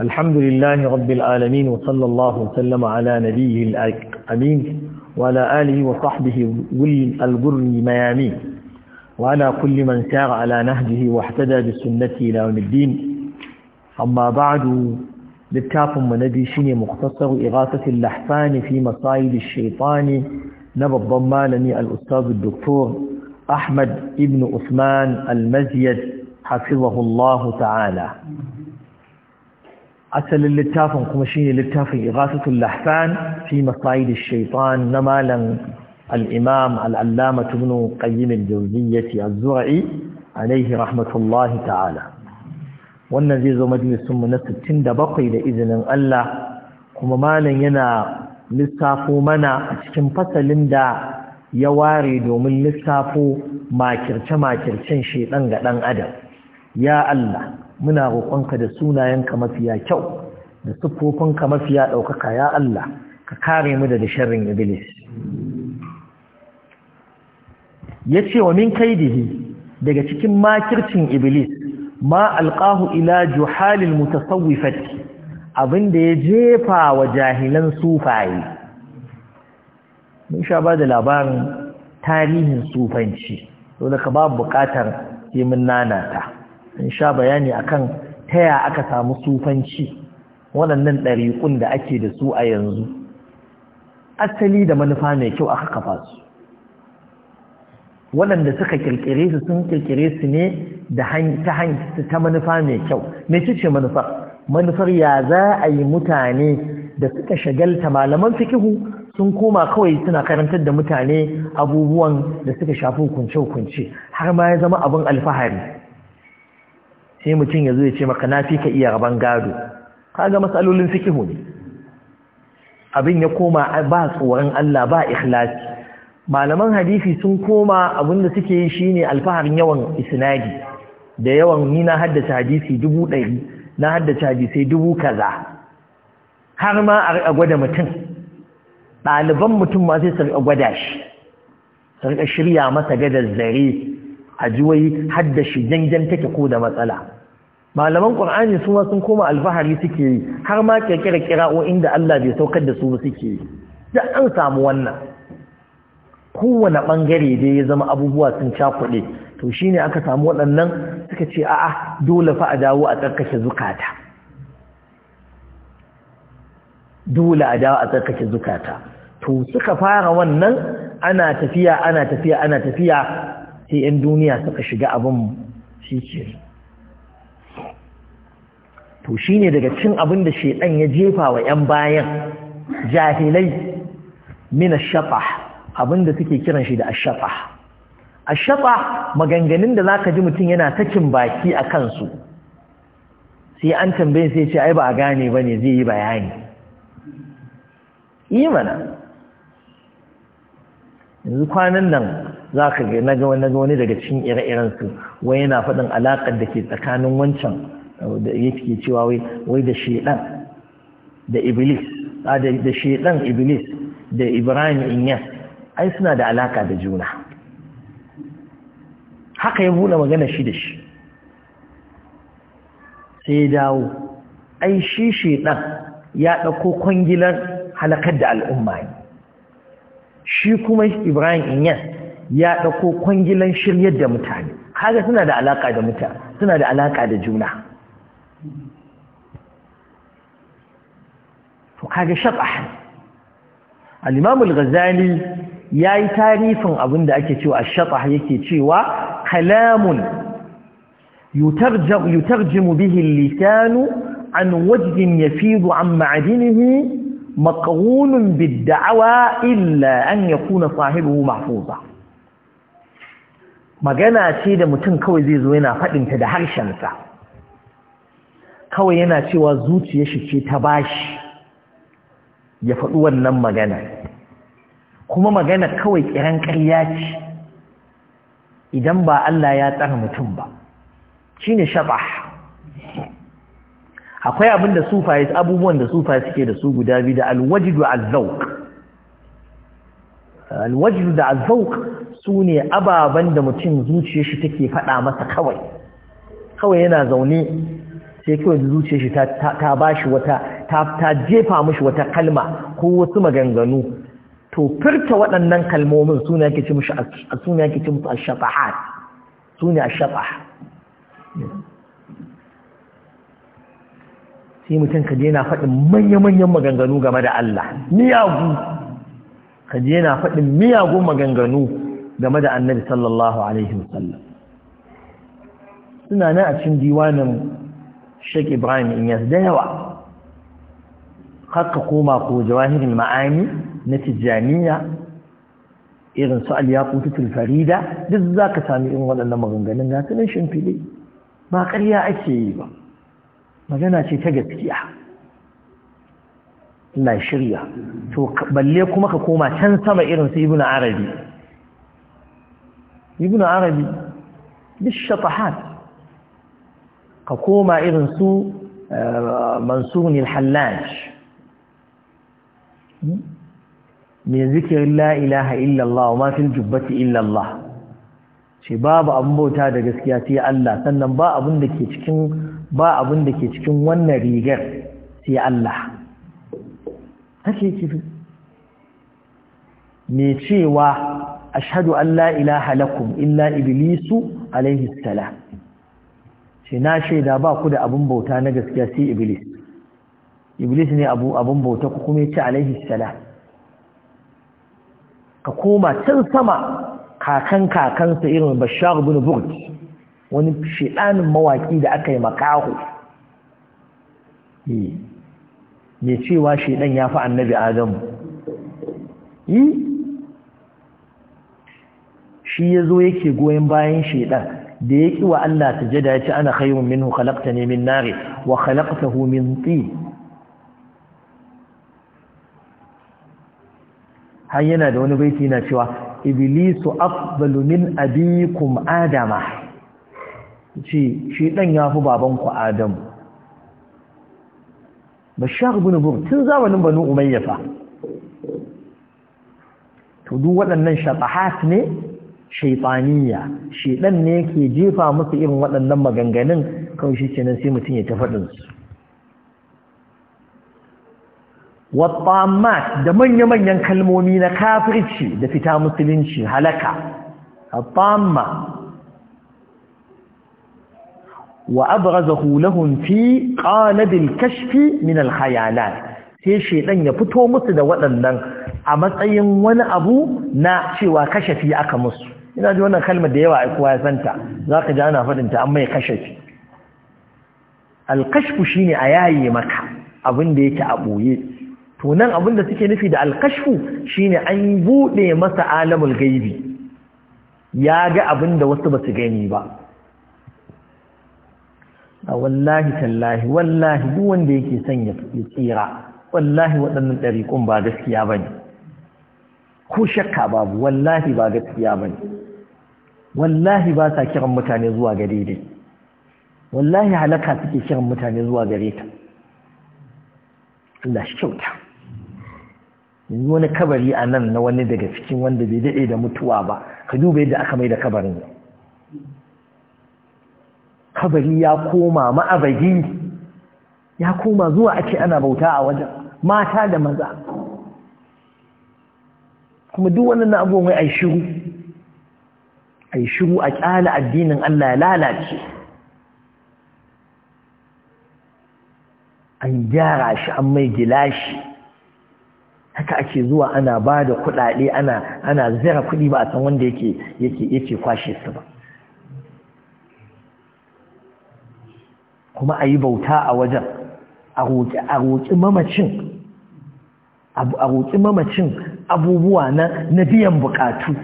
الحمد لله رب العالمين وصلى الله وسلم على نبيه الأمين وعلى آله وصحبه ولي البر ميامين وعلى كل من سار على نهجه واحتدى بسنته إلى يوم الدين أما بعد من نبي شيني مختصر إغاثة اللحفان في مصائد الشيطان نبى الضمانني الأستاذ الدكتور أحمد ابن أثمان المزيد حفظه الله تعالى asalin littafin kuma shine littafin Ighathatul Lahfan fi Masayid ash-Shaytan na malam al-Imam al-Allama Ibn Qayyim al-Jawziyyah az-Zur'i alayhi rahmatullahi ta'ala wannan zai zo majalisun mu na 67 da izinin Allah kuma malam yana lissafo mana a cikin fasalin da ya ware domin lissafo makirce-makircen shedan ga dan adam ya Allah muna roƙonka da sunayenka mafiya kyau da siffofinka mafiya ɗaukaka ya Allah ka kare mu daga sharrin iblis yace wa min kaidihi daga cikin makircin iblis ma alqahu ila juhalil mutasawwifati abinda ya jefa wa jahilan sufaye mun sha ba da labarin tarihin sufanci saboda ka babu bukatar sai mun nanata in sha bayani a akan taya aka samu sufanci waɗannan ɗariƙun da ake da su a yanzu asali da manufa mai kyau aka kafa su waɗanda suka ƙirƙire su sun ƙirƙire su ne ta ta ta manufa mai kyau mai ce manufar manufar ya za a yi mutane da suka shagalta malaman fikihu sun koma kawai suna karantar da mutane abubuwan da suka shafi hukunce-hukunce har ma ya zama abin alfahari sai mutum ya zo ya ce maka na fi ka iya rabon gado kaga matsalolin fikihu ne abin ya koma ba tsoron Allah ba ikhlasi malaman hadisi sun koma abin da suke yi shine alfaharin yawan isnadi da yawan ni na haddace hadisi dubu ɗari na haddace hadisai dubu kaza har ma a gwada mutum ɗaliban mutum ma sai su gwada shi su shirya masa gadar zare a ji hadda shi janjan take ko da matsala malaman ƙur'ani su sun koma alfahari suke yi har ma kirkira kira'o'in da Allah bai saukar da su ba suke yi da an samu wannan kowane ɓangare dai ya zama abubuwa sun cakuɗe to shine aka samu waɗannan suka ce a'a dole fa a dawo a tsarkake zukata dole a dawo a tsarkake zukata to suka fara wannan ana tafiya ana tafiya ana tafiya sai 'yan duniya suka shiga abin shi ke to shi ne daga cin abin da shaidan ya jefa wa 'yan bayan jahilai mina shafa abin da suke kiran shi da ashafa ashafa maganganun da za ka ji mutum yana takin baki a kansu sai an tambaye sai ce ai ba a gane ba ne zai yi bayani yi mana yanzu kwanan nan za ka ga naga wani daga cikin ire-iren su wai yana faɗin alaƙar da ke tsakanin wancan uh, da ke cewa wai wai da shedan da iblis da shedan iblis da ibrahim inyas ai suna da alaƙa da juna haka ya buɗe magana shi da shi sai ya dawo ai shi shedan ya ɗauko kwangilar halakar da al'umma ne shi kuma ibrahim inyas ya ɗauko kwangilan shiryar da mutane kaga suna da alaƙa da mutane suna da alaƙa da juna to kaga shab'ah al-imam al-ghazali yayi tarifin abinda ake cewa ash-shab'ah yake cewa kalamun yutarjam yutarjimu bihi al-lisanu an wajhin yafidu an ma'adinihi maqghunun bid-da'wa illa an yakuna sahibuhu mahfuza magana ce da mutum kawai zai zo yana faɗinta da harshensa kawai yana cewa zuciya shi ce ta bashi ya faɗi wannan magana kuma magana kawai kiran ƙarya ce idan ba Allah ya tsara mutum ba shi ne akwai abinda sufaye abubuwan da sufaye suke da su guda biyu da alwajidu alzauk alwajdu da azauq su ne ababen da mutum zuciyar shi take faɗa masa kawai kawai yana zaune sai kawai zuciyar shi ta bashi wata ta jefa mishi wata kalma ko wasu maganganu to furta waɗannan kalmomin su ne ake ci musu ashafahat su ne ashafahat sai mutum ka je na faɗin manya-manyan maganganu game da Allah ni yagu ka je yana faɗin miyagun maganganu game da annabi sallallahu alaihi wasallam suna nan a cikin diwanin Sheikh Ibrahim Inyas da yawa haka koma ko jawahirin ma'ani na tijjaniya irin su al-yaqutul farida duk ka sami irin waɗannan maganganun ga tunan shimfili ba ƙarya ake yi ba magana ce ta gaskiya Allah shirya to balle kuma ka koma can sama irin su ibnu arabi ibnu arabi bishatahat ka koma irin su eh, mansur al-hallaj min hmm? zikirin la ilaha illallah wa ma fil jubbati illallah ce babu abun bauta da gaskiya sai Allah sannan ba abun da ke cikin ba abun da ke cikin wannan rigar sai Allah haka me cewa ashhadu an allah ilaha lakum illa iblisu alaihi salam ce na shaida ba ku da abin bauta na gaskiya sai iblis iblis ne abin abun bauta ku kuma ce alaihi salam ka koma can sama kakan kakansa irin bashar bin burd wani shedanin mawaki da aka yi makaho eh. mai cewa shi ɗan ya fi annabi adamu yi shi ya zo yake goyon bayan ɗan. da ya ƙi wa Allah ta jada ya ci ana khairun min khalaqta ne min nare wa hu min tsi har yana da wani baiti na cewa iblisu afdalu min abikum adama ce shi ɗan ya fi babanku adamu bashar bin bur tun zamanin banu umayya fa to duk waɗannan shatahat ne shaytaniya shedan ne yake jefa musu irin waɗannan maganganun kawai shi kenan sai mutum ya ta fadin su wattamat da manya-manyan kalmomi na kafirci da fita musulunci halaka attamma wa abrazahu lahum fi qanabil kashfi min al khayalat sai shedan ya fito musu da waɗannan a matsayin wani abu na cewa kashafi aka musu ina ji wannan kalmar da yawa ai kowa ya santa zaka ji ana faɗinta ta an mai kashafi al shi ne a yaye maka abin da yake a ɓoye. Tunan abin da suke nufi da alkashfu shi shine an bude masa alamul gaibi ya ga abin da wasu ba su gani ba a wallahi tallahi wallahi duk wanda yake son ya tsira wallahi waɗannan ɗariƙun ba gaskiya ba ne ko shakka babu wallahi ba gaskiya ba ne wallahi ba sa kiran mutane zuwa gare dai wallahi halaka suke kiran mutane zuwa gare ta Allah shi kyauta yanzu wani kabari a nan na wani daga cikin wanda bai daɗe da mutuwa ba ka duba yadda aka mai da kabarin kabari ya koma ma'abagi ya koma zuwa ake ana bauta a wajen mata da maza kuma duk wannan abubuwan wai yi shiru yi shiru a kyala addinin Allah ya lalace an gyara shi an mai gilashi haka ake zuwa ana ba da kuɗaɗe ana zira kuɗi ba a san wanda yake kwashe su ba kuma a yi bauta a wajen a roƙi mamacin abubuwa na biyan bukatu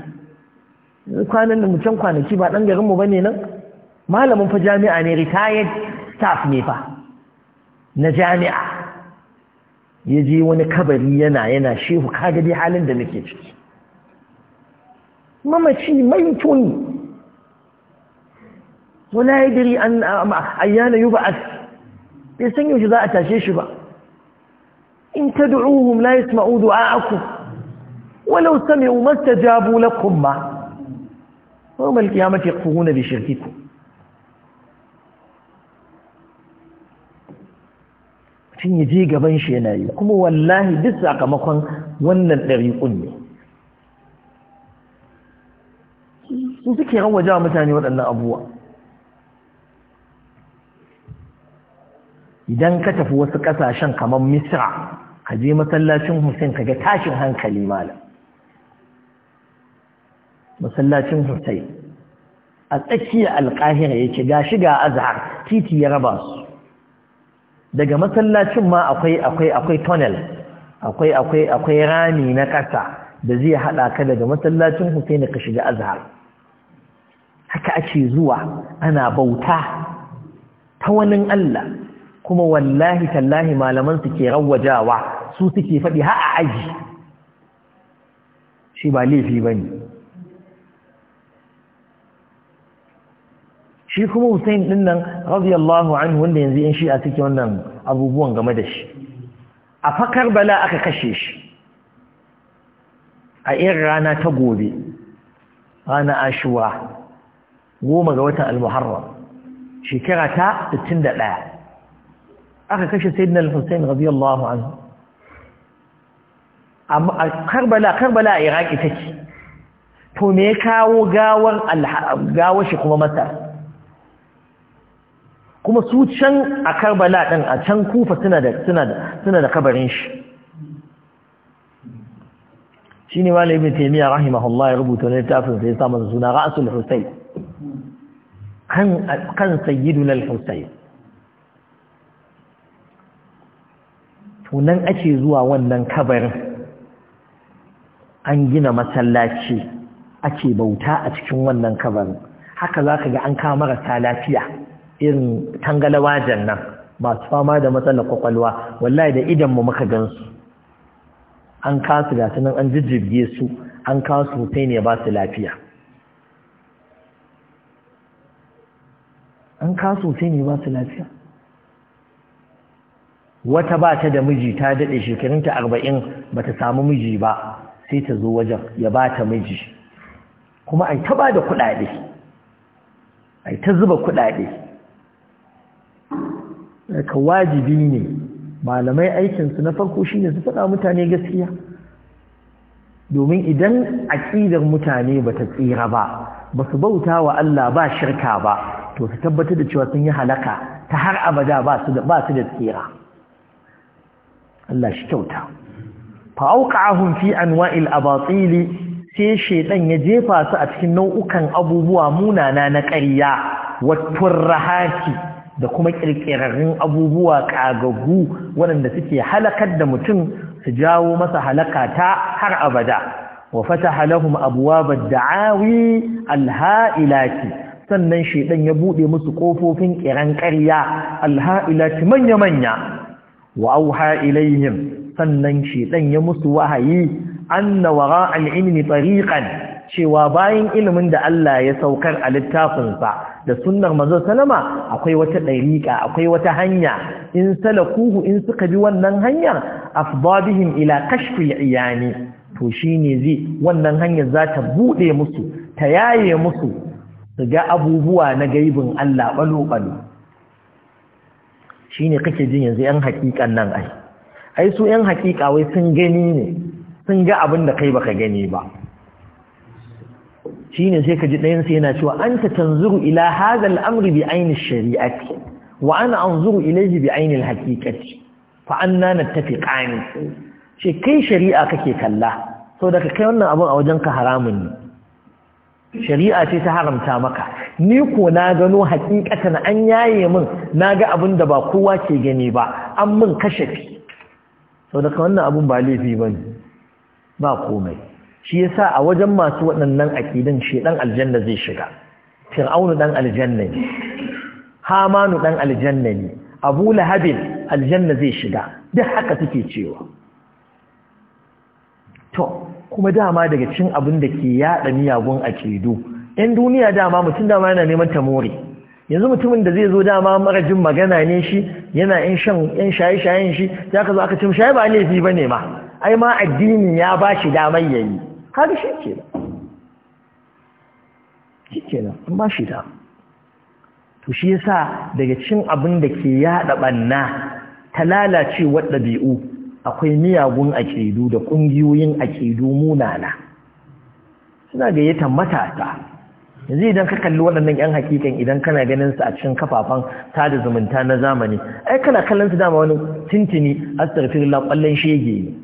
kwanan da mutum kwanaki ba ɗan garinmu ba ne nan malamin fa jami'a ne retired staff ne fa na jami'a ya je wani kabari yana yana shehu kaga dai halin da nake ciki mamaci mai tuni ولا يدري أن أيان يبعث يسن يجزاء تاشيش بقى إن تدعوهم لا يسمعوا دعاءكم ولو سمعوا ما استجابوا لكم ما يوم القيامة يكفرون بشرككم tun ya je gaban shi yana yi kuma wallahi duk sakamakon wannan ɗariƙun ne su suke waje mutane waɗannan abubuwa idan ka tafi wasu ƙasashen kamar misra ka je masallacin hussein ka ga tashin hankali malam masallacin hussein a tsakiyar alƙahira yake ga shiga azhar titi ya raba su daga masallacin ma akwai akwai akwai tunnel akwai akwai akwai rami na ƙasa da zai haɗa ka daga masallacin hussein ka shiga azhar haka ake zuwa ana bauta ta wani Allah kuma wallahi tallahi malaman su ke rawajawa su suke faɗi ha a aji shi ba laifi ba ne shi kuma Hussein ɗin nan radiyallahu anhu wanda yanzu yan a suke wannan abubuwan game da shi a fakar bala aka kashe shi a yin rana ta gobe rana ashuwa goma ga watan al-muharram shekara ta 61 أخي خشن سيدنا الحسين رضي الله عنه أما كربلاء كربلاء إيراني تجي تونيكا وغاور غاور شي كما متى كما سوتشن أكربلاء كان أتشن كوفة سندة سندة سندة كبرينش شيني والي ابن تيمية رحمه الله ربو تونيكا في الإسلام رأس الحسين كان كان سيدنا الحسين to ake zuwa wannan kabarin an gina masallaci ake bauta a cikin wannan kabarin haka za ka ga an kama marasa lafiya irin tangalawa nan masu fama da matsalar kwakwalwa wallahi da idan mu muka gansu an su gasu nan an jijjirge su an su hutai ne ba su lafiya an su hutai ne ba su lafiya wata ba ta da miji ta daɗe shekarunta arba'in ba ta samu miji ba sai ta zo wajen ya ba ta miji kuma yi ta ba da kuɗaɗe yi ta zuba kuɗaɗe ka wajibi ne malamai aikinsu na farko shine su faɗa mutane gaskiya domin idan aƙidar mutane ba ta tsira ba ba su bauta wa Allah ba shirka ba to su tabbatar da cewa sun yi halaka ta har abada ba su da tsira Allah shi kyauta fa'auqa'ahum fi anwa'il abatil sai shedan ya jefa su a cikin nau'ukan abubuwa munana na ƙarya watturrahati da kuma kirkirarrun abubuwa kagagu waɗanda suke halakar da mutum su jawo masa halaka ta har abada wa fataha lahum abwabad da'awi alha'ilati sannan shedan ya bude musu kofofin kiran ƙarya alha'ilati manya manya wa auha ilaihim sannan shedan ya musu wahayi anna wara al-ilmi tariqan cewa bayan ilimin da Allah ya saukar a littafinsa da sunnar manzo sallama akwai wata dariqa akwai wata hanya in salakuhu in suka bi wannan hanyar afdabihim ila kashfi iyani to shine zai wannan hanyar za ta bude musu ta yaye musu su ga abubuwa na gaibin Allah balo balo ne kake jin yanzu yan hakikan nan ai ai su yan hakika wai sun gani ne sun ga abin da kai baka gani ba ne sai ka ji ɗayan yana cewa anta tanzuru ila hadha amri bi aini shari'ati wa ana anzuru ilayhi bi ayni al-haqiqati fa anna nattafiqani shi kai shari'a kake kalla saboda kai wannan abin a wajen ka haramun ne shari'a ce ta haramta maka ni ko na gano hakikatan an yaye min na ga abin da ba kowa ke gani ba an min kashafi sau daga wannan abin ba laifi ba ba komai shi ya sa a wajen masu waɗannan aƙidan shi ɗan aljanna zai shiga fir'aunu ɗan aljanna ne hamanu ɗan aljanna ne abu lahabin aljanna zai shiga duk haka suke cewa kuma dama daga cin abin da ke yaɗa miyagun akidu yan duniya dama mutum dama yana neman tamori yanzu mutumin da zai zo dama marajin magana ne shi yana yan shan yan shaye-shayen shi ya ka zo aka cin shaye ba laifi ba ne ma ai ma addini ya ba shi damar ya yi haka shi ke shi ke an ba shi da. to shi yasa daga cin abin da ke yaɗa ɓanna ta lalacewar ɗabi'u akwai miyagun aƙidu da ƙungiyoyin aƙidu munana suna gayyata matasa yanzu idan ka kalli waɗannan 'yan hakikan idan kana ganin su a cikin kafafen sada zumunta na zamani ai kana kallon su dama wani tintini tsarfin ƙwallon shege ne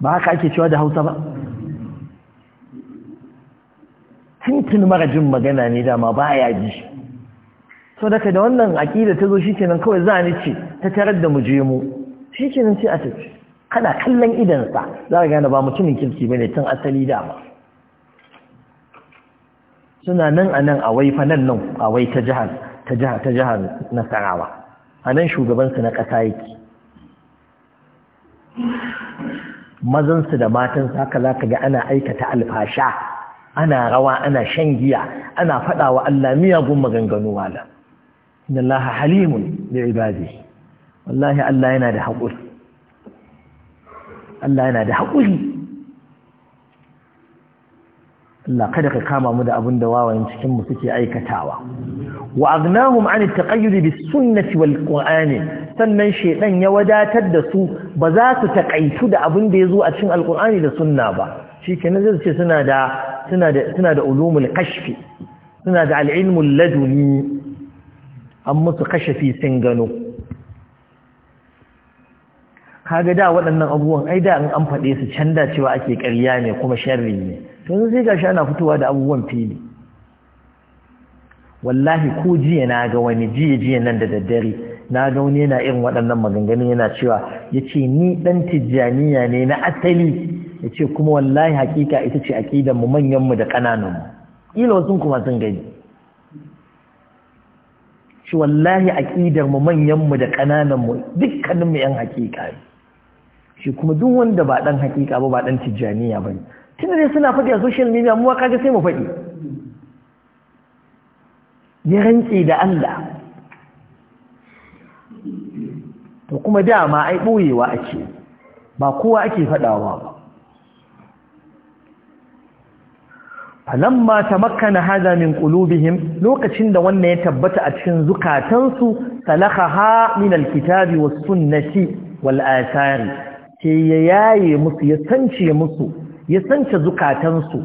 ba haka ake cewa da hausa ba tintin mara jin magana ne dama ba ya ji so daga da wannan aƙida ta zo shikenan kawai za ni ce ta tarar da mu je mu shikenan sai a tafi kana kallon idansa za ka gane ba mutumin kirki bane tun asali dama suna nan a nan a waifa nan nan a wai ta jihar ta jihar ta jihar nasarawa a nan shugabansu na ƙasa yake mazansu da sa ka za ka ga ana aikata alfasha ana rawa ana shan giya ana faɗawa Allah miyagun maganganu malam inna allaha halimun li ibadihi wallahi Allah yana da haƙuri Allah kada ka kama mu da abin da wawayen cikin suke aikatawa wa agnahum an at-taqayyud bis-sunnati wal-qur'an sannan shedan ya wadatar da su ba za su takaitu da abin da zo a cikin al da sunna ba shikenan zai ce suna da suna da suna da ulumul kashfi suna al-ilmul laduni an musu kashafi sun gano kaga da waɗannan abubuwan ai da in an faɗe su can cewa ake ƙarya ne kuma sharri ne to sai gashi ana fitowa da abubuwan fili wallahi ko jiya na ga wani jiya jiya nan da daddare na ga wani yana irin waɗannan maganganu, yana cewa ya ce ni ɗan tijjaniya ne na asali ya ce kuma wallahi hakika ita ce aƙidanmu, manyanmu, da kananan mu ƙila wasu kuma sun gani shi wallahi aƙidar mu manyan mu da ƙananan mu yan hakika ne shi kuma duk wanda ba dan hakika ba ba dan tijjaniya bane tunda dai suna faɗi a social media mu kaga sai mu faɗi ya rantse da Allah to kuma dama ai boyewa ake ba kowa ake faɗawa ba falamma tamakkana hada min qulubihim lokacin da wannan ya tabbata a cikin zukatansu salakha min alkitabi was sunnati wal ke yaye musu ya sance musu ya sance zukatansu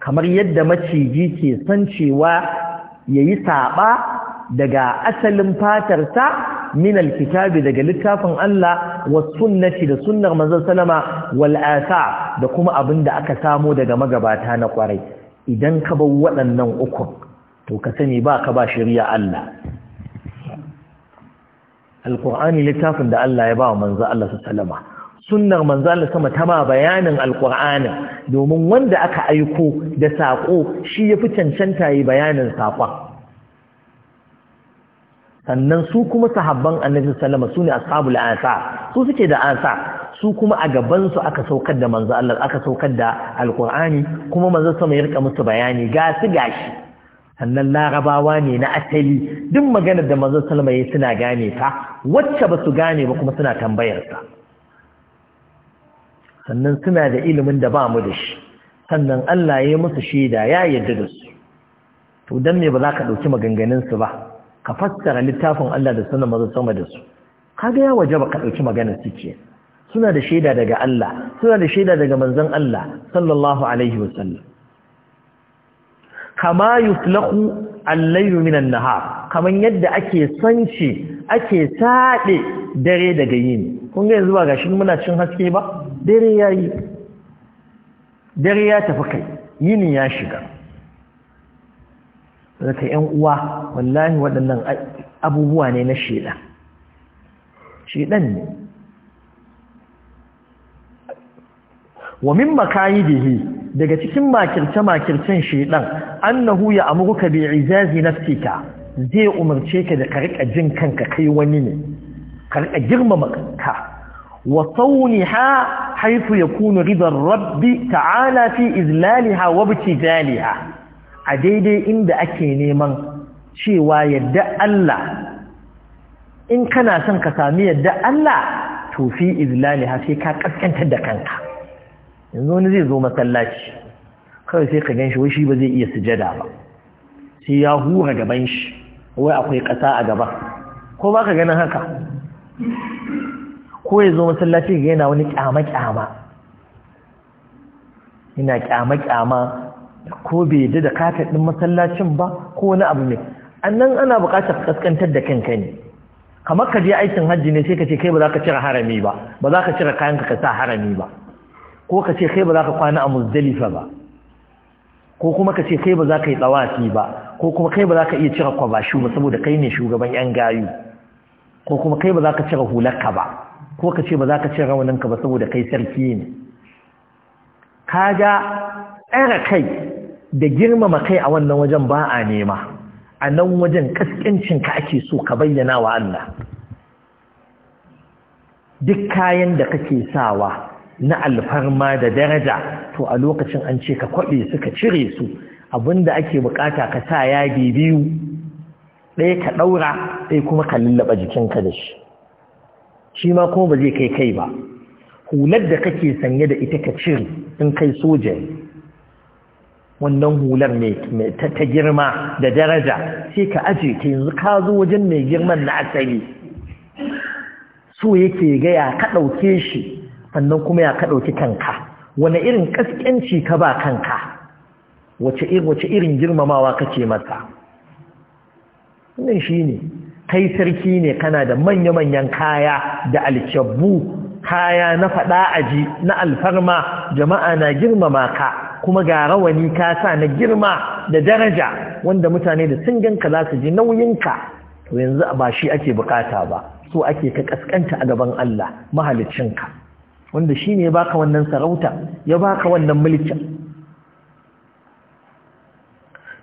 kamar yadda maciji ke sancewa yayi saba daga asalin fatarsa min alkitabi daga littafin Allah was sunnati da sunnar manzon sallama wal athar da kuma abinda aka samo daga magabata na kwarai idan ka bar waɗannan ukun to ka sani ba ka ba shari'a Allah alƙur'ani littafin da Allah ya ba wa manzo Allah su salama sunnar manzo Allah sama ta ba bayanin alƙur'ani domin wanda aka aiko da saƙo shi ya fi cancanta yi bayanin saƙon sannan su kuma sahabban annabi sallama su ne ashabul ansa su suke da ansa. su kuma a gabansu aka saukar da manzo Allah aka saukar da alqur'ani kuma manzo sama ya rika musu bayani ga su gashi Sannan larabawa ne na asali duk maganar da manzo sallama yayi suna gane ta wacce ba su gane ba kuma suna tambayar sa sannan suna da ilimin da ba mu da shi sannan Allah ya musu shaida ya yarda da su to dan me ba za ka dauki maganganun su ba ka fassara littafin Allah da sunan manzo sama da su kaga ya waje ba ka dauki maganar su kenan suna da shaida daga Allah suna da shaida daga manzon Allah sallallahu alaihi wasallam kama yuflahu al-layl min an-nahar kaman yadda ake sanci ake sade dare daga yini kun ga yanzu ba gashi muna cin haske ba dare yayi dare ya tafi kai yini ya shiga zaka yan uwa wallahi waɗannan abubuwa ne na shaida. Shaidan ne wa min daga cikin makirce makircen shedan annahu ya amuruka bi izazi nafsika zai umarce ka da karka jin kanka kai wani ne karka girmama kanka wa sauniha haythu yakunu ridar rabbi ta'ala fi izlaliha wa ibtidaliha a daidai inda ake neman cewa yadda Allah in kana son ka sami yadda Allah to fi izlaliha sai ka kaskantar da kanka yanzu wani zai zo masallaci kawai sai ka ganshi wai shi ba zai iya sujada ba sai ya hura gaban shi wai akwai ƙasa a gaba ko ba ka ganin haka ko ya zo masallaci ga yana wani ƙyama-ƙyama yana ƙyama-ƙyama ko bai yadda da kata ɗin masallacin ba ko wani abu ne annan ana buƙatar kaskantar da kanka ne kamar ka je aikin hajji ne sai ka ce kai ba za ka cire harami ba ba za ka cire kayanka ka sa harami ba ko ka ce kai ba za ka kwana a muzdalifa ba ko kuma ka ce kai ba za ka yi tsawafi ba ko kuma kai ba za ka iya cire kwabashu ba saboda kai ne shugaban yan gayu ko kuma kai ba za ka cire hularka ba ko ka ce ba za ka cire rawaninka ba saboda kai sarki ne Ka kaga tsara kai da girmama kai a wannan wajen ba a nema a nan wajen ka ake so ka bayyana wa Allah duk kayan da kake sawa na alfarma da daraja to a lokacin an ce ka kwaɓe su ka cire su abinda ake bukata ka sa yadi biyu ɗaya ka ɗaura ɗaya kuma ka lullaba jikinka da shi shi ma kuma ba zai kai kai ba hular da kake sanye da ita ka cire in kai soja wannan hular mai ta girma da daraja sai ka aje ka yanzu ka zo wajen mai girman na asali so yake gaya ka ɗauke shi sannan kuma ya ka ɗauki kanka wani irin ƙasƙanci ka ba kanka wace irin girmamawa kake masa wannan shi ne kai sarki ne kana da manya-manyan kaya da alkyabbu kaya na faɗa aji na alfarma jama'a na girmama ka kuma ga rawani ka sa na girma da daraja wanda mutane da sun ganka za su ji nauyinka to yanzu ba shi ake bukata ba so ake ka ƙasƙanta a gaban Allah mahaliccinka wanda shi ne ya baka wannan sarauta ya baka wannan mulkin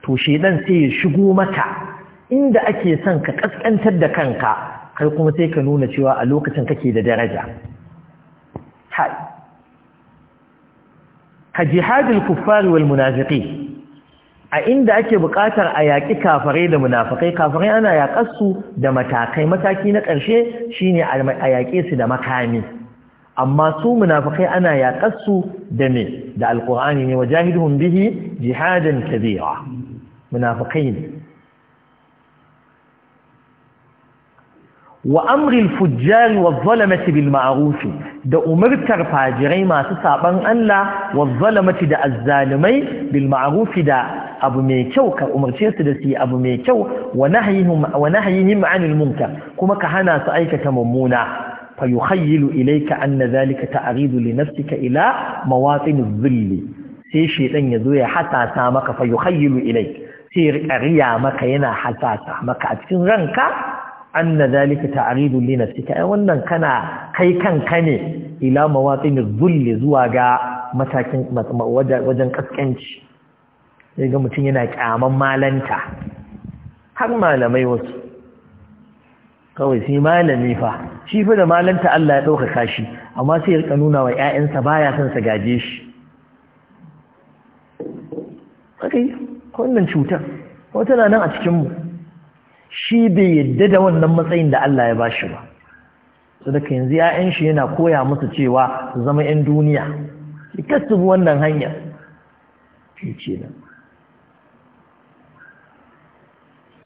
to shaidan sai ya shigo maka inda ake son ka kaskantar da kanka kai kuma sai ka nuna cewa a lokacin kake da daraja hai ka jihadul kuffari wal munafiqi a inda ake buƙatar a yaƙi kafare da munafikai kafarai ana yaƙar su da matakai mataki na ƙarshe shine a yaƙe su da makami amma su munafikai ana yaƙarsu da me da alƙur'ani ne wajahidhum bihi jihadan kabira munafikai ne wa amril fujjari wa zalamati bil ma'ruf da umartar fajirai masu saban Allah wa zalamati da azzalimai bil ma'ruf da abu mai kyau ka umarce su da su abu mai kyau wa nahyihim wa nahyihim anil munkar kuma ka hana su aikata mummuna anna إليك أن li nafsika ila إلى adh-dhilli sai shaytan ya ya hasasa maka fa yukhayyilu ilayk sai ya riya maka yana hasasa maka a cikin ranka anna zalika ta'ridu li nafsika ai wannan kana kai kanka ne ila mawatin adh-dhilli zuwa ga matakin wajen kaskanci sai ga mutum yana kyaman malanta har malamai wasu kawai sai malami fa shi fa da malanta Allah ya ɗaukaka shi amma sai ya nuna wa ‘ya'yansa baya son sa gaje shi kai wannan cutar wata na nan a cikinmu shi bai yadda da wannan matsayin da Allah ya bashi ba sadaka yanzu ‘ya'yan shi yana koya musu cewa su zama ‘yan duniya ki kasubu wannan hanyar shi ce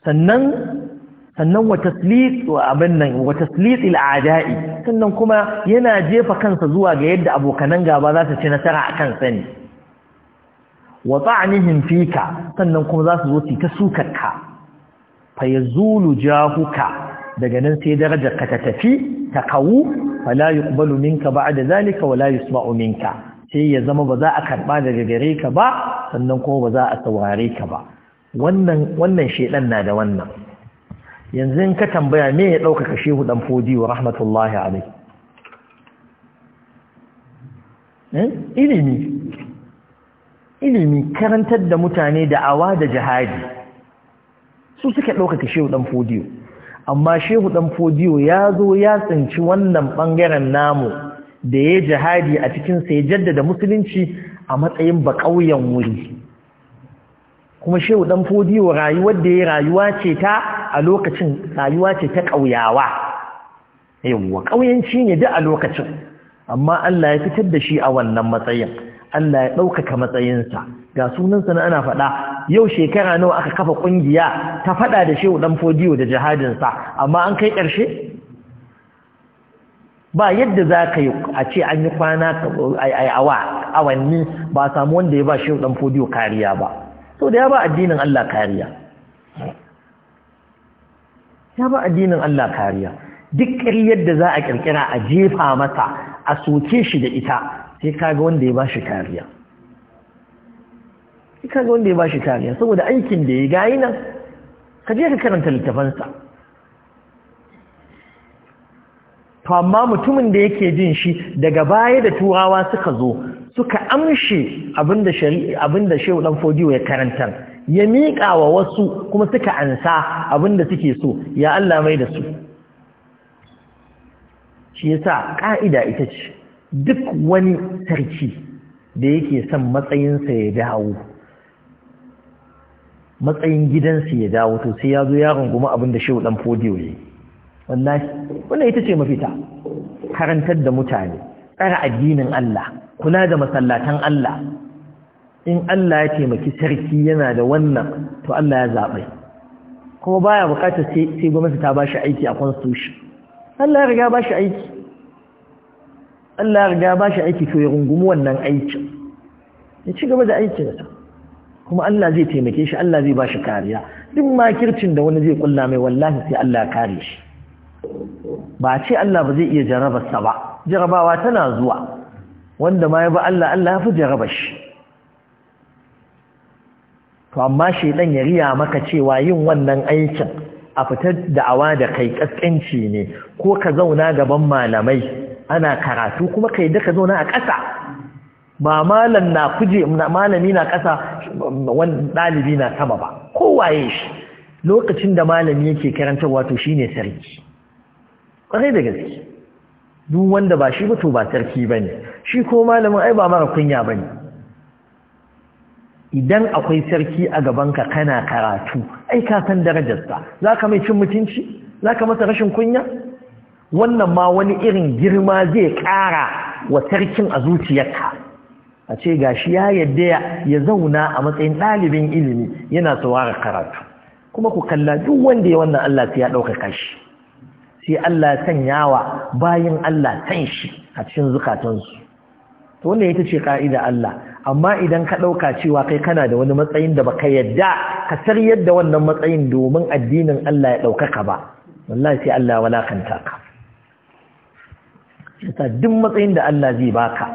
sannan sannan wa taslit wa abin nan wa sannan kuma yana jefa kansa zuwa ga yadda abokanan gaba za su ci nasara a kan sani wa ta'nihim fika sannan kuma za su zo su ta sukarka fa yazulu jahuka daga nan sai darajar ka ta tafi ta kawu fala yuqbalu minka ba'da zalika wala yusma'u minka sai ya zama ba za a karba daga gare ka ba sannan kuma ba za a saurare ka ba wannan wannan shedan na da wannan yanzu in ka tambaya me ya ɗaukaka shehu ɗan fodi wa rahmatullahi alai eh? ilimi ilimi karantar da mutane da awa da jihadi su suka ɗaukaka shehu ɗan fodiyo amma shehu ɗan fodiyo ya zo ya tsinci wannan ɓangaren namu da ya jihadi a cikin sai jaddada musulunci a matsayin baƙauyen wuri kuma shehu ɗan fodiyo rayuwar da ya rayuwa ce ta a lokacin rayuwa ce ta ƙauyawa yawwa ƙauyanci ne duk a lokacin amma Allah ya fitar da shi a wannan matsayin Allah ya ɗaukaka matsayinsa ga sunansa na ana faɗa yau shekara nawa aka kafa ƙungiya ta faɗa da shehu ɗan fodiyo da jihadinsa amma an kai ƙarshe ba yadda za ka yi a ce an yi kwana awa awanni ba samu wanda ya ba shehu ɗan fodiyo kariya ba so da ya ba addinin Allah kariya ya ba addinin Allah kariya duk ƙaryar da za a ƙirƙira a jefa mata a soke shi da ita sai kaga wanda ya bashi kariya sai kaga wanda ya bashi kariya saboda aikin da ya gayi nan ka je ka karanta littafansa to amma mutumin da yake jin shi daga baya da turawa suka zo suka amshe abinda ɗan shehu ɗan fodiyo ya karantar ya miƙa wa wasu kuma suka ansa abinda suke so ya Allah mai da su shi yasa ƙa'ida ita ce duk wani sarki da yake son matsayinsa ya dawo matsayin gidansa ya dawo to sai ya zo ya runguma abinda shehu dan fodiyo ne wallahi wannan ita ce mafita karantar da mutane tsara addinin Allah kula da masallatan Allah in Allah ya taimaki sarki yana da wannan to Allah ya zaɓe kuma baya buƙatar sai gwamnati ta bashi aiki a constitution Allah ya riga bashi aiki Allah ya riga bashi aiki to ya rungumi wannan aiki ya ci gaba da aikinsa kuma Allah zai taimake shi Allah zai bashi kariya duk makircin da wani zai kulla mai wallahi sai Allah ya kare shi ba ce Allah ba zai iya jarabarsa ba jarabawa tana zuwa wanda ma ya ba Allah Allah ya fi jarabar shi to amma shaidan ya riya maka cewa yin wannan aikin a fitar da'awa da kai kaskanci ne ko ka zauna gaban malamai ana karatu kuma kai da ka zauna a ƙasa ba malam na kuje malami na ƙasa wani ɗalibi na sama ba kowaye shi lokacin da malami yake karantarwa to shine sarki ƙwarai da gaske duk wanda ba shi ba to ba sarki bane shi ko malamin ai ba mara kunya bane idan akwai sarki a gaban ka kana karatu ai ka san darajarsa za ka mai cin mutunci za ka masa rashin kunya wannan ma wani irin girma zai ƙara wa sarkin a zuciyarka a ce gashi ya yadda ya zauna a matsayin ɗalibin ilimi yana saurara karatu kuma ku kalla duk wanda ya wannan Allah sai ya ɗaukaka shi sai Allah ya sanya wa bayin Allah san shi a cikin zukatansu to wannan ita ce ka'ida Allah amma idan ka ɗauka cewa kai kana da wani matsayin da baka yadda ka sar yadda wannan matsayin domin addinin Allah ya ɗaukaka ba wallahi sai Allah walakanta ka yasa duk matsayin da Allah zai baka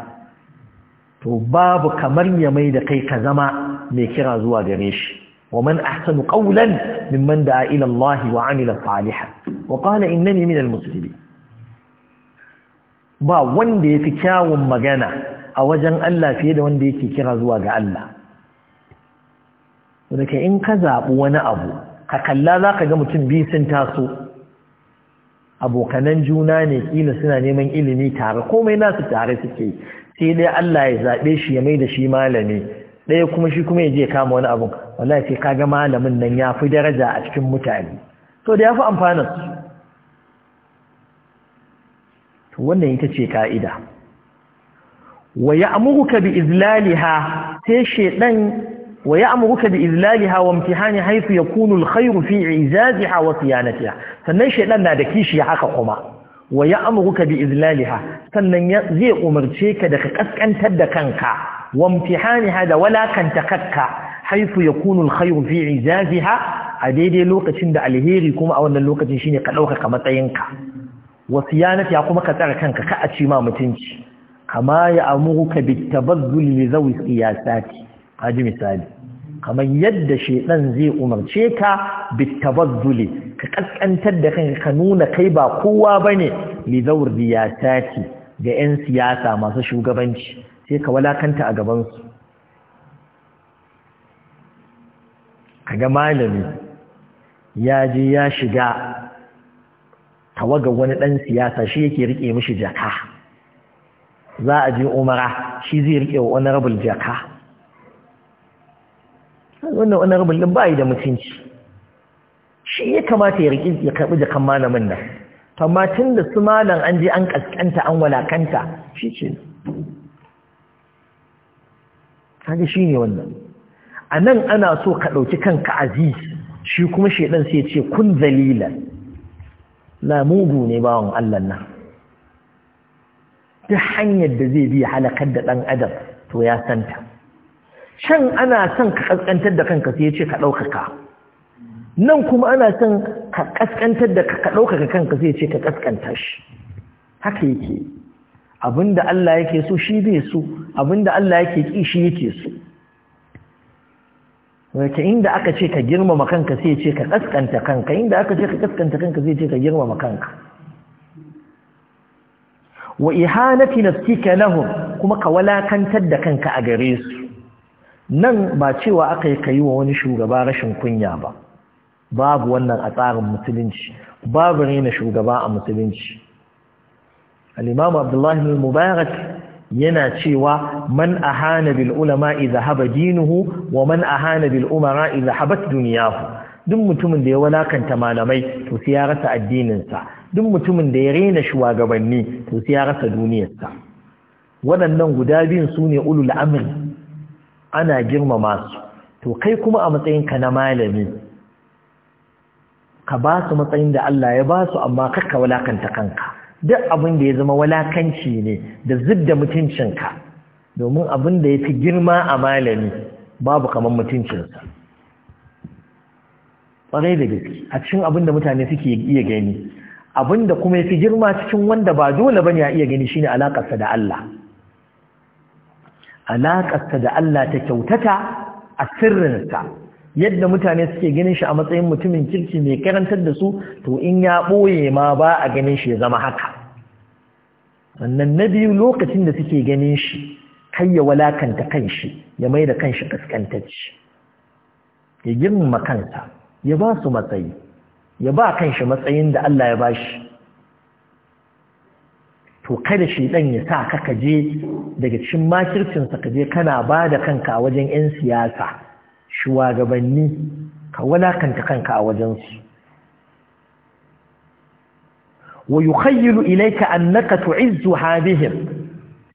to babu kamar ya mai da kai ka zama mai kira zuwa gare shi ومن أحسن قولا ممن دعا إلى الله وعمل صالحا وقال min al-musulmi. Ba wanda yafi kyawun magana a wajen Allah fiye da wanda yake kira zuwa ga Allah daga in ka zaɓi wani abu ka kalla za ka ga mutum biyu sun taso abokanan juna ne ƙila suna neman ilimi tare komai nasu tare suke sai dai Allah ya zaɓe shi ya mai da shi malami ɗaya kuma shi kuma ya je kama wani abu wala ce ka ga malamin nan ya fi daraja a cikin mutane to da ya fi amfanar su to wannan ita ce ka'ida wa ya'muruka bi izlaliha sai shedan wa ya'muruka bi izlaliha wa imtihani haythu yakunu alkhayru fi izaziha wa siyanatiha sannan shedan na da kishi haka kuma wa ya'muruka bi izlaliha sannan zai umarce ka da ka kaskantar da kanka wa imtihaniha da walakanta kakka haythu yakunu alkhayru fi izaziha a daidai lokacin da alheri kuma a wannan lokacin shine ka dauka matsayinka wa siyanatiha kuma ka tsara kanka ka a ci ma mutunci kama ya amuruka bitabazzul li zawi siyasati haji misali kamar yadda shedan zai umarce ka bitabazzuli ka kaskantar da kanka ka nuna kai ba kowa bane li siyasati ga yan siyasa masu shugabanci sai ka walakanta a gaban su kaga malami ya je ya shiga tawaga wani dan siyasa shi yake rike mishi jaka za a je umara shi zai riƙe wa honorable jaka wannan honorable ɗin ba yi da mutunci shi ya kamata ya riƙi ya karɓi jakan malamin nan amma tun da su malam an je an ƙasƙanta an walakanta shi ce kaga shi ne wannan a nan ana so ka ɗauki kanka aziz shi kuma shaidan sai ce kun zalila la mugu ne bawan Allah nan duk hanyar da zai biya halakar da ɗan adam to ya santa Shan ana son ka ƙasƙantar da kanka sai ya ce ka ɗaukaka nan kuma ana son ka ƙasƙantar da ka ɗaukaka kanka sai ya ce ka ƙasƙanta shi haka yake abinda Allah yake so shi zai so abinda Allah yake ƙi shi yake so wace inda aka ce ka girmama kanka sai ya ce ka ƙasƙanta kanka inda aka ce ka ƙasƙanta kanka sai ya ce ka girmama kanka wa ihanati nafsika lahum kuma ka walakantar da kanka a gare su nan ba cewa aka yi kayi wa wani shugaba rashin kunya ba babu wannan a tsarin musulunci babu rena shugaba a musulunci al-imam abdullahi bin mubarak yana cewa man ahana bil ulama idza haba dinuhu wa man ahana bil umara idza habat duniyahu, duk mutumin da ya walakanta malamai to sai ya rasa addinin sa duk mutumin da ya raina shugabanni to sai ya rasa duniyarsa waɗannan guda biyun su ne ulul amri ana girmama su to kai kuma a matsayinka na malami ka ba su matsayin da Allah ya ba su amma kakka walakanta kanka duk abin da ya zama walakanci ne da zidda mutuncinka domin abin da ya fi girma a malami babu kamar mutuncinsa ƙwarai da gaske a cikin abin da mutane suke iya gani da kuma fi girma cikin wanda ba dole bane ya iya gani shine alakarsa da Allah alakarsa da Allah ta kyautata a sirrinsa yadda mutane suke ganin shi a matsayin mutumin kirki mai karantar da su to in ya ɓoye ma ba a ganin shi ya zama haka sannan na biyu lokacin da suke ganin shi kai ya walakanta kanshi ya mai da kanshi kaskantacci ya girmama kansa ya ba su matsayi ya ba kanshi matsayin da Allah ya ba shi to kada shi ɗan ya sa ka kaje daga cikin makircinsa ka je kana ba da kanka a wajen yan siyasa shugabanni ka walakanta kanka a wajen su wa yukhayyilu ilayka annaka tu'izzu hadihim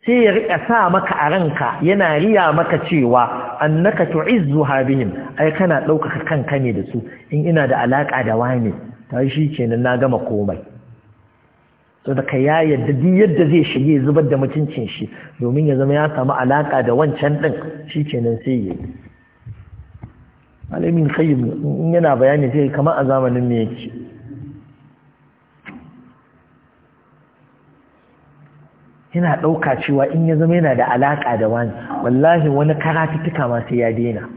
sai ya riƙa sa maka a ranka yana riya maka cewa annaka tu'izzu habihim ai kana ɗaukaka kanka ne da su in ina da alaƙa da wani ta shi kenan na gama komai so da ya yadda duk yadda zai shige zubar da mutuncin shi domin ya zama ya samu alaƙa da wancan ɗin shi kenan sai ya yi alamin kayyum in yana bayani sai kamar a zamanin me yake yana ɗauka cewa in ya zama yana da alaƙa da wani wallahi wani karatuttuka ma sai ya daina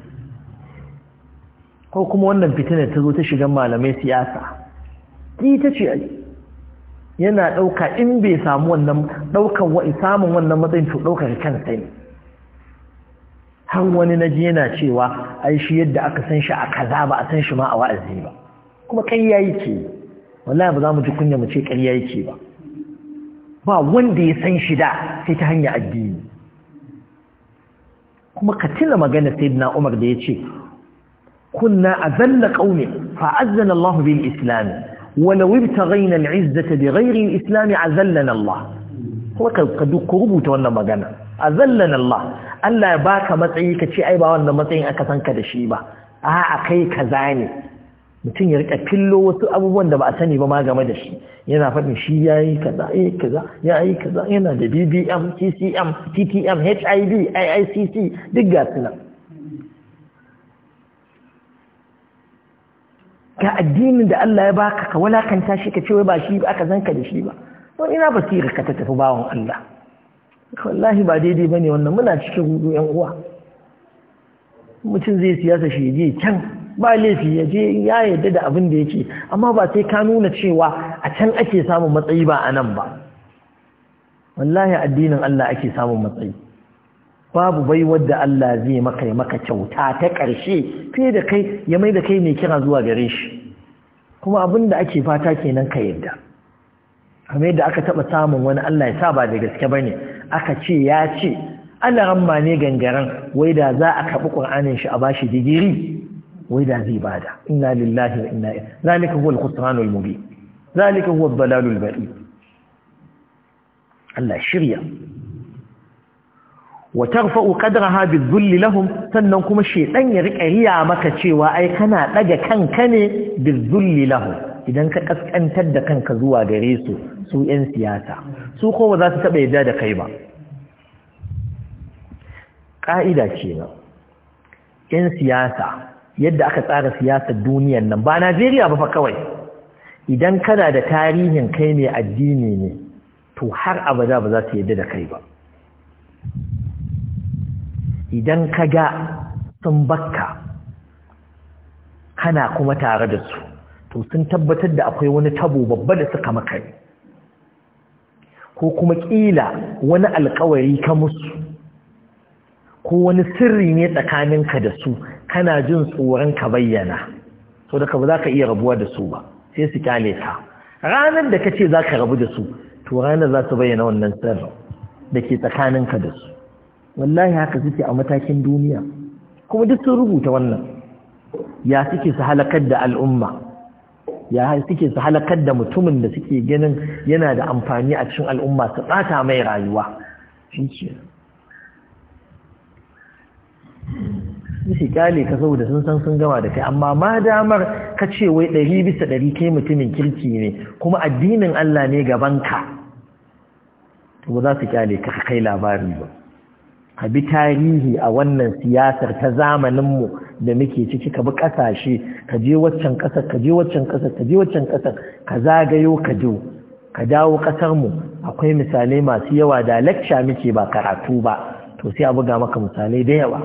ko kuma wannan fitinar ta zo ta shigan malamai siyasa ki ta ce yana ɗauka in bai samu wannan ɗaukan samun wannan matsayin to ɗaukar kansa sai har wani na yana cewa ai shi yadda aka san shi a kaza ba a san shi ma a wa'azi ba kuma ƙarya yake wallahi ba za mu ji kunya mu ce ƙarya yake ba ba wanda ya san shi da sai ta hanyar addini kuma ka tuna magana sayyidina Umar da ya ce kunna azalla qaumi fa Allah bil islami walau ibtaghayna al izzata rairin al islam azallana Allah kuma ka duk rubuta wannan magana azallana Allah Allah ya baka matsayi ka ce ai ba wannan matsayin aka san ka da shi ba a kai kazane mutum ya rika fillo wasu abubuwan da ba a sani ba ma game da shi yana faɗin shi ya yi kaza ya yi kaza yana da bbm ccm ttm hiv iicc duk ga addinin da Allah ya baka ka walakanta shi ka ce wai ba shi ba aka zanka da shi ba wani ina basira ka ta tafi bawan Allah wallahi ba daidai ne wannan muna cikin hudu yan uwa mutum zai siyasa shi je can ba laifi ya je ya yarda da abin da yake amma ba sai ka nuna cewa a can ake samun matsayi ba a nan ba wallahi addinin Allah ake samun matsayi babu bai wadda Allah zai maka maka kyauta ta ƙarshe fiye da kai ya mai da kai mai kira zuwa gare shi kuma abin da ake fata kenan ka yarda kamar yadda aka taɓa samun wani Allah ya sa ba da gaske ne. aka ce ya ce ana ramma ne gangaren wai da za a kaɓi ƙur'anin shi a bashi digiri wai da zai bada inna lillahi wa inna ilaihi zalika huwa al-khusran al-mubin zalika huwa ad-dalal al Allah shirya wa tarfa'u qadraha bi sannan kuma shedan ya rika riya maka cewa ai kana daga kanka ne bi idan ka kaskantar da kanka zuwa gare su su yan siyasa su ko ba za su taba da kai ba ka'ida ce yan siyasa yadda aka tsara siyasar duniyan nan ba Najeriya ba fa kawai idan kana da tarihin kai ne addini ne to har abada ba za su yadda da kai ba idan ka ga sun bakka kana kuma tare da su to sun tabbatar da akwai wani tabo babba da suka maka ko kuma ƙila wani alkawari ka musu ko wani sirri ne tsakaninka da su kana jin tsoron ka bayyana so da ka za ka iya rabuwa da su ba sai su kyale ka ranar da ka ce za ka rabu da su to ranar za su bayyana wannan sirrin da ke tsakaninka da su wallahi haka suke a matakin duniya kuma duk sun rubuta wannan ya suke su halakar da al'umma ya suke su halakar da mutumin da suke ganin yana da amfani a cikin al'umma su ɓata mai rayuwa shi su kyale ka saboda sun san sun gama da kai amma ma damar ka ce wai ɗari bisa ɗari kai mutumin kirki ne kuma addinin Allah ne gaban ka to ba za su kyale ka kai labari ba ka bi tarihi a wannan siyasar ta zamanin mu da muke ciki ka bi ƙasashe ka je waccan kasa ka je waccan kasa ka je waccan ƙasar ka zagayo ka je ka dawo mu akwai misalai masu yawa da lacca muke ba karatu ba to sai a buga maka misalai da yawa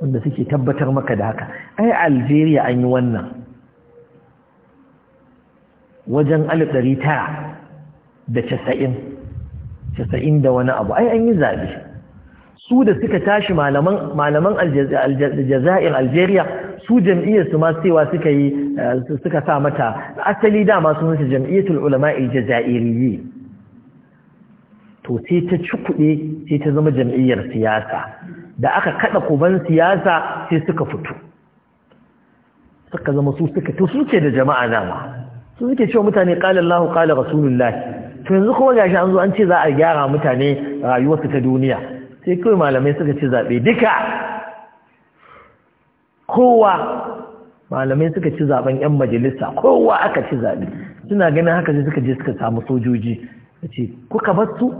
wanda suke tabbatar maka da haka ai algeria an yi wannan wajen alif ɗari tara da casa'in casa'in da wani abu ai an yi zaɓe su da suka tashi malaman aljazair algeria su jam'iyyarsu ma cewa suka yi eh, suka sa mata asali dama sun su jam'iyyatul ulama aljazairiyyi to sai ta ci kuɗi sai ta zama jam'iyyar siyasa da aka kada kuban siyasa sai suka fito suka zama su suka to su ke da jama'a dama su suke cewa mutane qala Allah qala Rasulullah to yanzu kuma gashi an zo an ce za a gyara mutane rayuwarsu ta duniya sai kawai malamai suka ce zabe duka kowa malamai suka ci zaben yan majalisa kowa aka ci zabe suna ganin haka sai suka je suka samu sojoji ce kuka bar su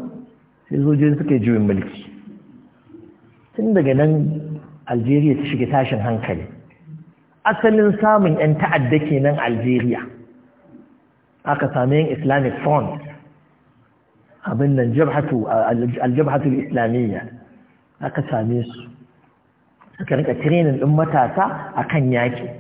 sai sojoji suka yi juyin mulki tun daga nan algeria ta shiga tashin hankali asalin samun 'yan ta'adda kenan algeria aka sami yin islamic front abin nan aljabhatul islamiyya aka same su suka rika training din matasa akan yaki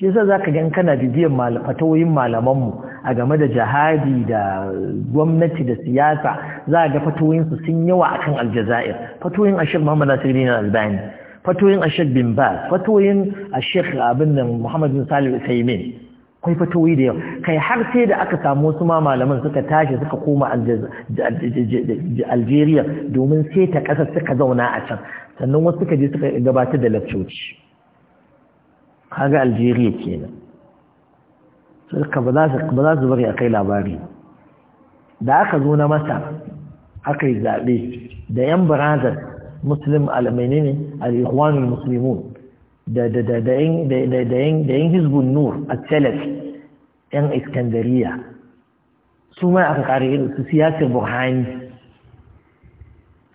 shi yasa ka ga kana bibiyan fatawoyin malamanmu a game da jihadi da gwamnati da siyasa za a ga fatoyinsu sun yawa a akan aljazair fatawoyin ashir muhammad nasiruddin albani fatoyin shek bin bas fatoyin ashek abin nan muhammad bin salim saimin kai fatoyi da yau kai har sai da aka samu wasu ma malaman suka tashi suka koma algeria domin sai ta ƙasar suka zauna a can sannan wasu suka je suka gabatar da lafcoci kaga algeria kenan suka ba za su bari a kai labari da aka zo na masa aka yi zaɓe da yan barazar muslim alamini ne al'ikhwanul muslimun da yan hizbun nur a telef yan iskandariya su mai aka ƙari su siyasar buhari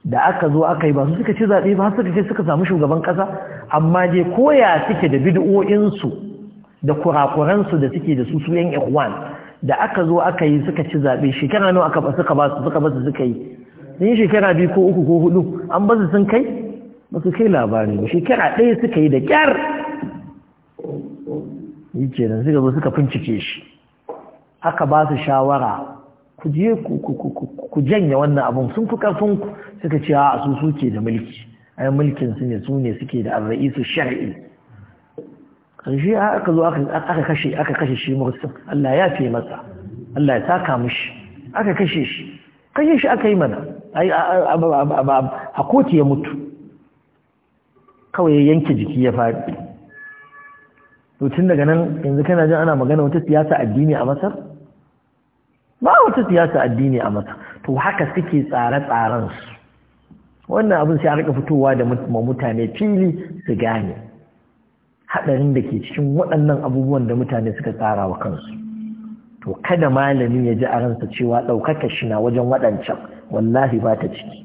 da aka zo aka yi ba su suka ci zaɓe ba suka ce suka samu shugaban ƙasa amma je koya suke da bid'o'insu da kurakuransu da suke da su su yan ikhwan da aka zo aka yi suka ci zaɓe shekara nawa aka suka ba su suka ba su suka yi sun yi shekara biyu ko uku ko hudu an ba su sun kai ba su kai labari ba shekara ɗaya suka yi da ƙyar yi kenan suka zo suka fincike shi aka ba su shawara ku je ku janye wannan abun sun fi karfin ku suka ce a su suke da mulki ai mulkin su ne su ne suke da arra'isu shar'i karshe aka zo aka kashe aka kashe shi mursin Allah ya fi masa Allah ya taka mushi aka kashe shi kashe shi aka yi mana ai a koti ya mutu kawai yanke jiki ya faɗi to tun daga nan yanzu kana jin ana magana wata siyasa addini a Masar ba wata siyasa addini a mata to haka suke tsare-tsaren wannan abin sai a rika fitowa da mutane fili su gane hadarin da ke cikin waɗannan abubuwan da mutane suka tsara wa kansu to kada malami ya ji a ransa cewa ɗaukaka shi na wajen waɗancan wallahi ba ta ciki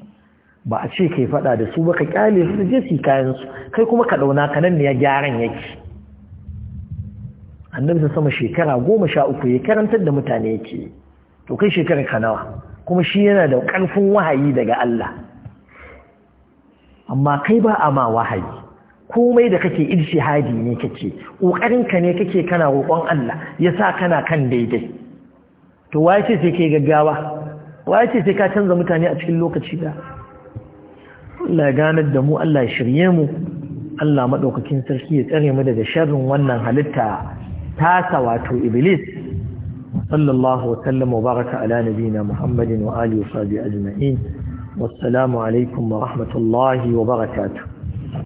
ba a ce kai faɗa da su ba ka kyale su je su kayansu, kai kuma ka ɗauna ka nan ne ya gyaran yake annabi sama shekara goma sha uku ya karantar da mutane yake to kai shekarar ka nawa kuma shi yana da ƙarfin wahayi daga Allah amma kai ba a ma wahayi komai da kake hadi ne kake ƙoƙarin ne kake kana roƙon Allah yasa kana kan daidai to waye ce sai kai gaggawa waye ce sai ka canza mutane a cikin lokaci da Allah ya ganar da mu Allah ya shirye mu Allah maɗaukakin sarki ya tsare mu daga sharrin wannan halitta tasa wato Iblis صلى الله وسلم وبارك على نبينا محمد وآله وصحبه أجمعين والسلام عليكم ورحمة الله وبركاته